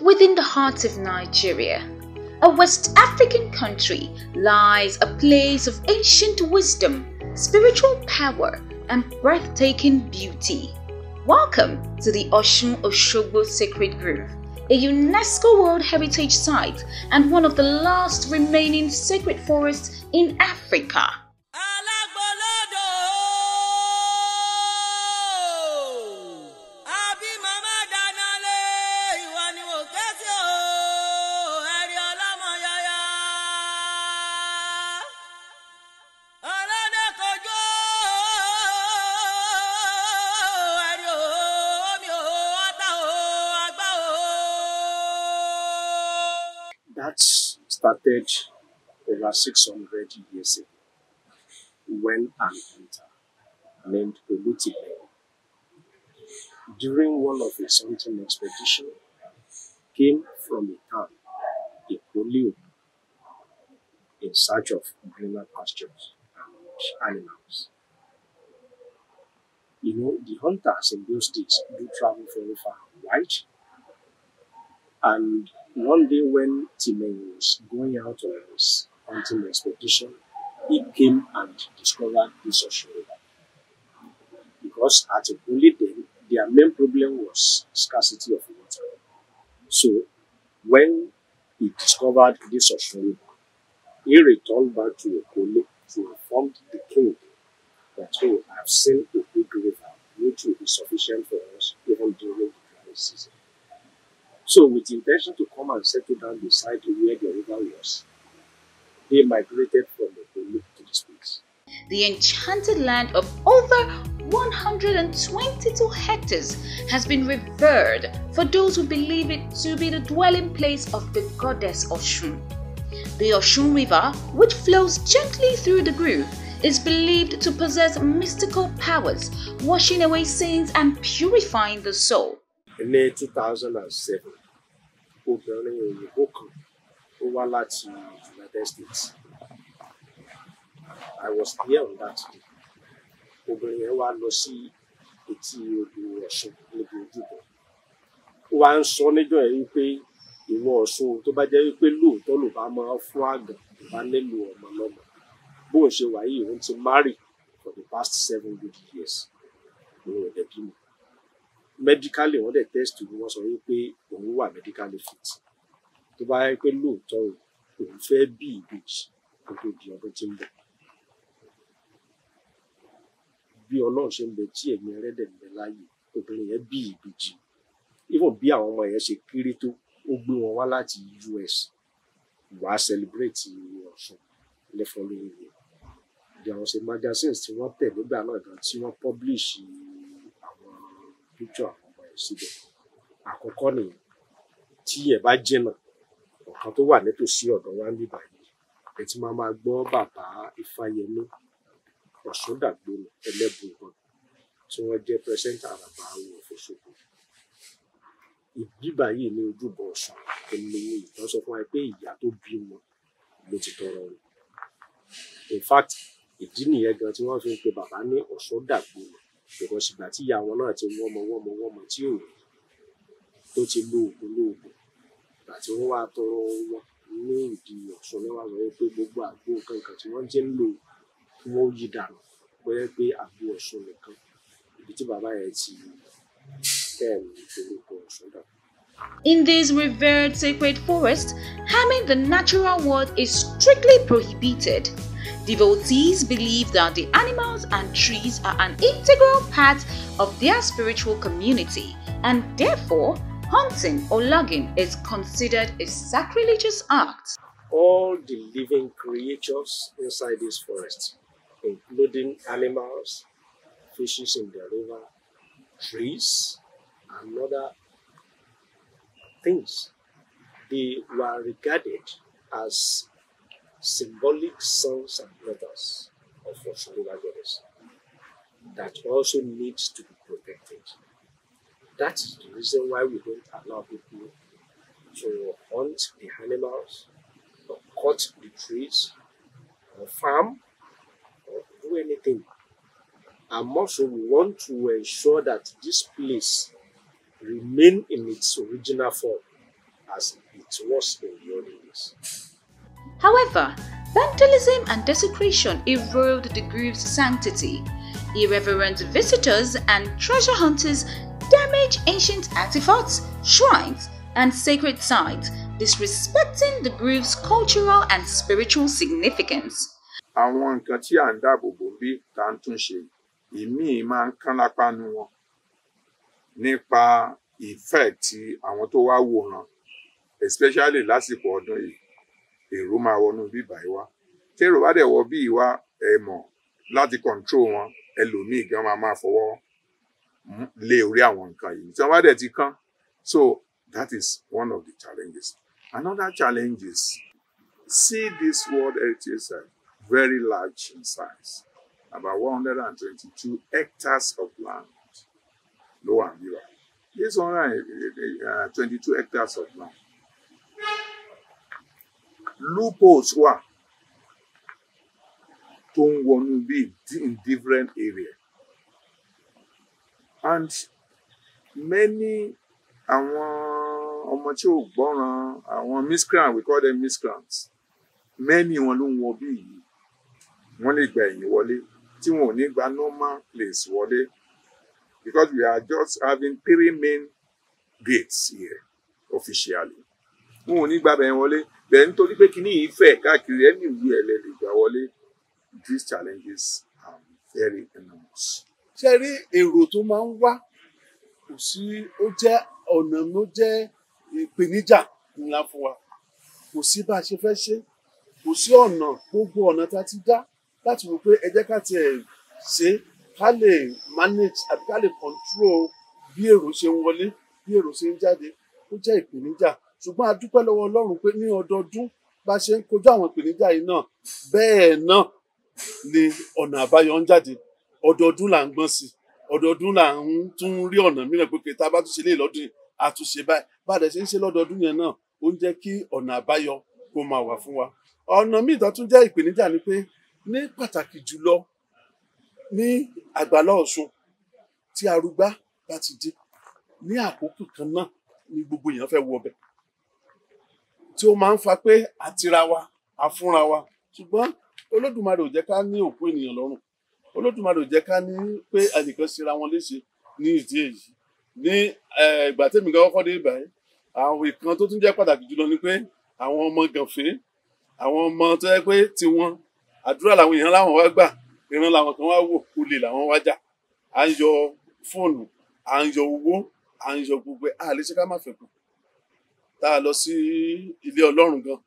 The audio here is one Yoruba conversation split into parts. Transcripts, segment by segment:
within the heart of Nigeria, a West African country, lies a place of ancient wisdom, spiritual power, and breathtaking beauty. Welcome to the Oshun Oshogbo Sacred Grove, a UNESCO World Heritage Site and one of the last remaining sacred forests in Africa. that started over 600 years ago when an hunter named Olutibeng, during one of his hunting expeditions, came from a town, Ikolio, in search of greener pastures and animals. You know, the hunters in those days do travel very far and wide, and one day when Timaeus was going out on his hunting expedition, he came and discovered this river. Because at Ogoli then, their main problem was scarcity of water. So when he discovered this river, he returned back to Ogoli to inform the king that, oh, I've seen a big river which will be sufficient for us even during the dry season. So, with the intention to come and settle down beside where the river was, they migrated from the Polu to the place. The enchanted land of over 122 hectares has been revered for those who believe it to be the dwelling place of the goddess Oshun. The Oshun River, which flows gently through the grove, is believed to possess mystical powers, washing away sins and purifying the soul. In 2007, obìnrin òyìnbó kan tó wá láti United States I was there on that day obìnrin yẹn wá lọ sí etí odò Ọ̀ṣun níbi ojúbọ ó wá ń sọ níjọ yẹn wípé ìwọ Ọ̀ṣun tó bá jẹ́ wípé lóòótọ́ ló bá máa fún àgàn tó bá nílò ọmọ lọ́mọ bó ń ṣe wà òun ti marry for the past seven good years òun ò dẹ̀ medically wọ́n dẹ̀ test ni wọ́n sọ wípé òun wà medically fit tó bá yẹ pé lóòótọ́ òun fẹ́ bí ìbejì kó tó di ọdún tí ń bọ̀ bí ọlọ́run ṣe ń bẹ tí ẹ̀mí ẹlẹ́dẹ̀ ń bẹ láàyè obìnrin yẹn bí ìbejì even bí àwọn ọmọ yẹn ṣe kéré tó ó gbé wọn wá láti US wàá celebrate Ọ̀ṣun lẹ́fọ́ lórí rẹ̀ bí àwọn ṣe magazines tí wọ́n tẹ̀ nígbà náà gan tí wọ́n publish píkṣọ àwọn ọmọ ẹ̀ síbẹ̀ àkọ́kọ́ nìyẹn tí ẹ bá jìnnà ọ̀kan tó wà nítòsí ọ̀dọ̀ wa níbà yìí ẹ ti máa máa gbọ́ bàbá Ifáyẹmí Ọ̀ṣúndàgbòlù Ẹlẹ́bùíbọn tí wọ́n jẹ́ pẹ́sẹ́ńtà bàbá àwọn òfòṣogbo ìbíbà yìí ní ojúbọ Ọ̀ṣun ẹni ìtàn sọ fún wa pé ìyá tó bí wọn ló ti tọrọ rẹ̀ in fact ìdí nìyẹn gan tí wọ́n fi ń pe bàbá ní Ọ̀ṣúndàgbòlù ṣùgbọ́n ṣùgbà tí ìyá wọn náà ti wọ́mọ wọ́mọ wọ́mọ tí ò tó ti lo oògùn lóògùn ìgbà tí wọ́n wá tọrọ wọn ní ìdí ọ̀sán lẹ́wọ̀n àwọn pé gbogbo àgbo kankan tí wọ́n jẹ́ ń lò kí wọ́n yí dànù bóyá pé àgbo ọ̀sán nìkan ibi tí bàbá yẹn ti bẹ́ẹ̀ ni orúkọ ọ̀sán dànù. In this revered sacred forest, harming the natural world is strictly prohibited. Devotees believe that the animals and trees are an integral part of their spiritual community and therefore hunting or logging is considered a sacrilegious act. All the living creatures inside this forest, including animals, fishes in the river, trees, and other things, they were regarded as symbolic sons and brothers of Oshola goddess that also needs to be protected. That is the reason why we don't allow people to hunt the animals, or cut the trees, or farm, or do anything. And also we want to ensure that this place remain in its original form as it was in the old days. However, vandalism and desecration erode the grove's sanctity. Irreverent visitors and treasure hunters damage ancient artifacts, shrines, and sacred sites, disrespecting the grove's cultural and spiritual significance. àwọn nǹkan tí à ń dáàbò bò ń bí tá à ń tún ṣe ìmíì máa ń kán lápá nu wọn nípa ìfẹ́ ti àwọn tó wá wòran especially lásìkò ọdún yìí èrò máa wọnú bíbà yìí wá tèrò bá dẹ̀ wọ bíi wá ẹ mọ̀ láti control wọn ẹlòmíì gan máa máa fọwọ́ lé orí àwọn nǹkan yìí tí wọ́n bá dẹ̀ ti kán so that is one of the challenges another challenge is see this World Heritage Site very large in size about one hundred and twenty-two hectares of land ló wà níbà this one hundred eh, eh, eh, twenty-two hectares of land loopholes wà tó ń wọnú bí in different areas, and many àwọn ọmọ tí ò gbọ́ràn àwọn miscreant we call them miscreants many wọn ló ń wọ bí yìí wọ́n lè gba ẹ̀yìn wọlé tí wọn ò ní gba normal place wọlé because we are just having three main gates here officially wọn ò ní gba bẹ̀yìn wọlé then nítorí pé kíní yìí fẹ̀ káàkiri ẹni ìwé ẹ̀ lè gbà wọlé these challenges are very enormous. ṣe rí èrò tó máa ń wá kò sí ó jẹ́ ọ̀nà ló jẹ́ ìpèníjà ńlá fún wa kò sí bá a ṣe fẹ́ ṣe kò sí ọ̀nà gbogbo ọ̀nà tá a ti dá láti wò pé ẹ ká tiẹ̀ ṣe ká lè manage àbí ká lè control bí èrò ṣe ń wọlé bí èrò ṣe ń jáde ó jẹ́ ìpèníjà ṣùgbọ́n a dúpẹ́ lọ́wọ́ Ọlọ́run pé ní ọdọọdún bá ṣe ń kojú àwọn ìpèníjà yìí náà bẹ́ẹ̀ náà ni ọ̀nà àbáyọ ń jáde ọdọọdún là ń gbọ́n sí ọdọọdún là ń tún rí ọ̀nà mìíràn pé kẹta bá tún ṣe lé lọ́dún yìí báyìí bá a dẹ̀ ṣe ń ṣe lọ́dọọdún yẹn náà ó ń jẹ́ kí ọ̀nà àbáyọ kó máa wà fún wa ọ̀nà míì tó tún jẹ́ ìpèníjà ni pé ní pàtàkì jùlọ ní àgbàlá Ọ̀ṣun tí arúgbá bá ti dé ní àkókò kan náà ni gbogbo èèyàn fẹ́ wọ ọbẹ̀ tí ó máa ń fa pé àtira wa àfúnra wa ṣùgbọ́n olódùmarè ò jẹ́ ká ní òkú ènìyàn lọ́rùn olódùmarè ò jẹ́ ká ní pé ẹnìkan ṣera wọn léṣe ní ìdí èyí ní ìgbà tèmi gan kọ́kọ́ dé ibà yìí àwọn ìkan tó tún jẹ́ pàtàkì jùlọ ni pé àwọn ọmọ gànfẹ́ àwọn ọmọ tó yẹ pé tiwọn àdúrà làwọn èèyàn láwọn wá gbà ìran làwọn kan wá wò olè làwọn wá jà à ń yọ fóònù à ń yọ owó à ń yọ gbogbo ẹ̀ à ṣe ká má fẹ́ kù tá a lọ sí ilé ọlọ́run gan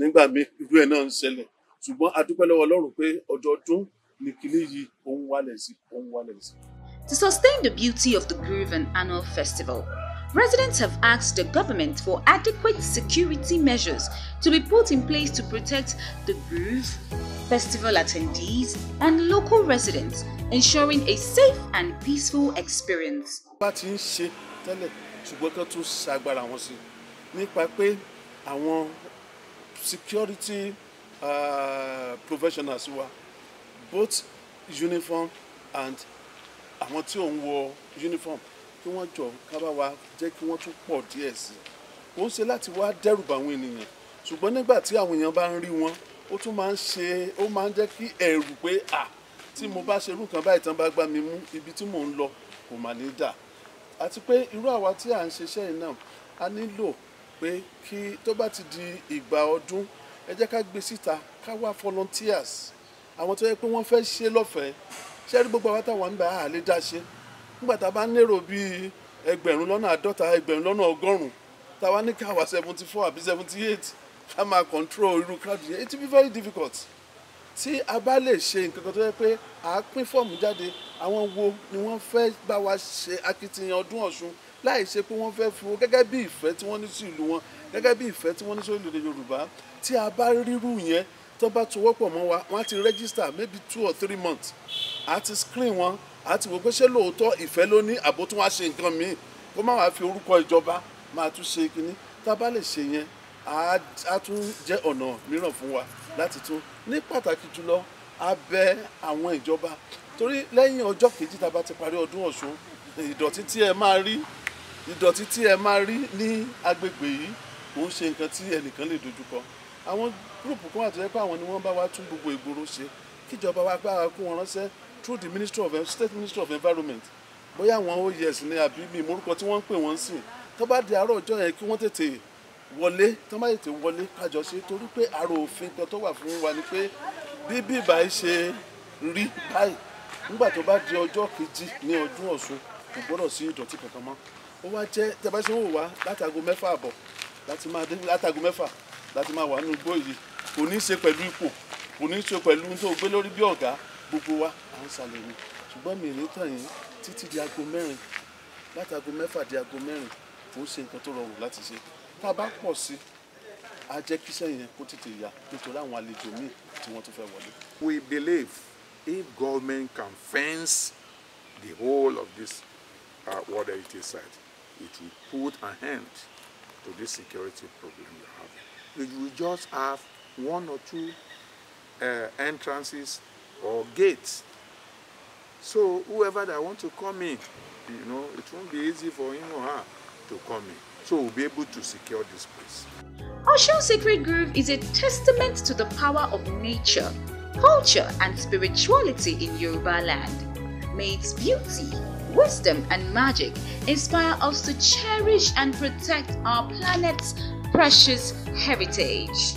nígbà míì irú ẹ̀ náà ń ṣẹlẹ̀ ṣùgbọ́n a dúpẹ́ lọ́wọ́ ọlọ́run pé ọdọọdún ni kinní yìí òun wálẹ̀ sí òun wálẹ̀ sí. To sustain the beauty of the Groove and Annual Festival, residents have asked the government for adequate security measures to be put in place to protect the Groove, festival attendees, and local residents, ensuring a safe and peaceful experience nípa pé àwọn security uh, professionals wa both uniform and àwọn tí ò ń wọ uniform kí wọ́n jọ ká bá wa jẹ́ kí wọ́n tún pọ̀ díẹ̀ sí i kò ń ṣe láti wá dẹ́rùbà àwọn ènìyàn ṣùgbọ́n nígbà tí àwọn èèyàn bá ń rí wọn ó tún máa ń ṣe ó máa ń jẹ́ kí ẹ̀rù pé à tí mo bá ṣe irú kan báyìí tán bá gbá mi mú ibi tí mò ń lọ kò mà ní dà àti pé irú àwa tí à ń ṣiṣẹ́ yìí náà a nílò pé kí tó bá ti di ìgbà ọdún ẹ jẹ́ ká gbé síta ká wá volunteers àwọn tó yẹ pé wọ́n fẹ́ ṣe lọ́fẹ̀ẹ́ ṣé rí gbogbo àwọn táwọn ń bá a lè dá ṣe nígbà tá a bá nérò bíi ẹgbẹ̀rún lọ́nà àádọ́ta ẹgbẹ̀rún lọ́nà ọgọ́rùn-ún táwa ní káwa seventy four àbí seventy eight ká máa control irú crowd yẹn it will be very difficult tí a bá lè ṣe nǹkan kan tó yẹ pé à á pín fọ́ọ̀mù jáde àwọn wo ni wọ́n fẹ́ bá wa ṣe akitiyan ọdún ọ̀ṣun láì ṣe pé wọ́n fẹ́ fún gẹ́gẹ́ bí ìfẹ́ tí wọ́n ní sí ìlú wọn gẹ́gẹ́ bí ìfẹ́ tí wọ́n ní sí orílẹ̀-èdè Yorùbá tí a bá rírú yẹn tó bá tó wọ́pọ̀ mọ́ wa wọ́n á ti register maybe two or three months á ti screen wọn á ti wò pé ṣé lóòótọ́ ìfẹ́ ló ní àbó tí wọ́n á ṣe nǹkan míì kó má wàá fi orúkọ ìjọba máa tún ṣe kínní tá a bá lè ṣe yẹn á tún jẹ́ ọ̀nà mìíràn fún wa láti tún ní pàtàkì jùlọ abẹ àwọn ìjọba torí lẹ́yìn ọjọ́ kejì tá a bá ti parí ọdún Ọ̀ṣun ìdọ̀tí tí ẹ máa rí ìdọ̀tí tí ẹ máa rí ní agbègbè yìí kò ń ṣe nǹkan tí ẹnìkan lè dojúkọ àwọn gúrùpù kan àti ẹgbẹ́ àwọn ni wọ́n bá wa tún gbogbo ìgboro ṣe kíjọba wa pé àwọn kó wọn ránṣẹ́ through the ministry of state ministry of environment bóyá àwọn oyes ní àbí mi ìmúrúkọ tí wọ́n ń pè wọ́n sí tó bá di àárọ̀ ọjọ́ yẹn kí wọ́n tètè wọlé tó bá tètè wọlé kájọ ṣe torí pé àrò òfin kan tó wà fún wa ni pé bí bíbá yìí ṣe rí báyìí nígbà tó bá di ọjọ́ kejì ní ọdún Ọ̀ṣun kò gbọ́dọ̀ sí ìdọ̀tí kankan mọ́ ó wá jẹ́ tẹ́ bá ṣe ń wò wá látago mẹ́fà àbọ̀ láti máa dé látago mẹ́fà láti máa wà nínú igbó yìí kò ní í ṣe pẹ̀lú ipò kò ní í ṣe pẹ̀lú tó gbé lórí bí ọ̀gá gbogbo wa à ń ṣàlẹ̀ ni ṣùgbọ́n mi ìrètò yìí títí di aago mẹ́rin látago mẹ́fà di aago mẹ́rin kò ń ṣe nǹkan tó rọrùn láti ṣe tá a bá pọ̀ sí a jẹ́ kíṣẹ́ yẹn kó tètè yá nítorí àwọn àlejò míì tí wọ́n tún fẹ́ wọlé. We believe if government can fence the whole of this uh, water utility site it will put a hand to this security problem you have. It will just have one or two uh, entrances or gates. So whoever that wants to come in, you know, it won't be easy for him or her to come in. So we'll be able to secure this place. Ocean Sacred Grove is a testament to the power of nature, culture and spirituality in Yoruba land. May its beauty wisdom, and magic inspire us to cherish and protect our planet's precious heritage.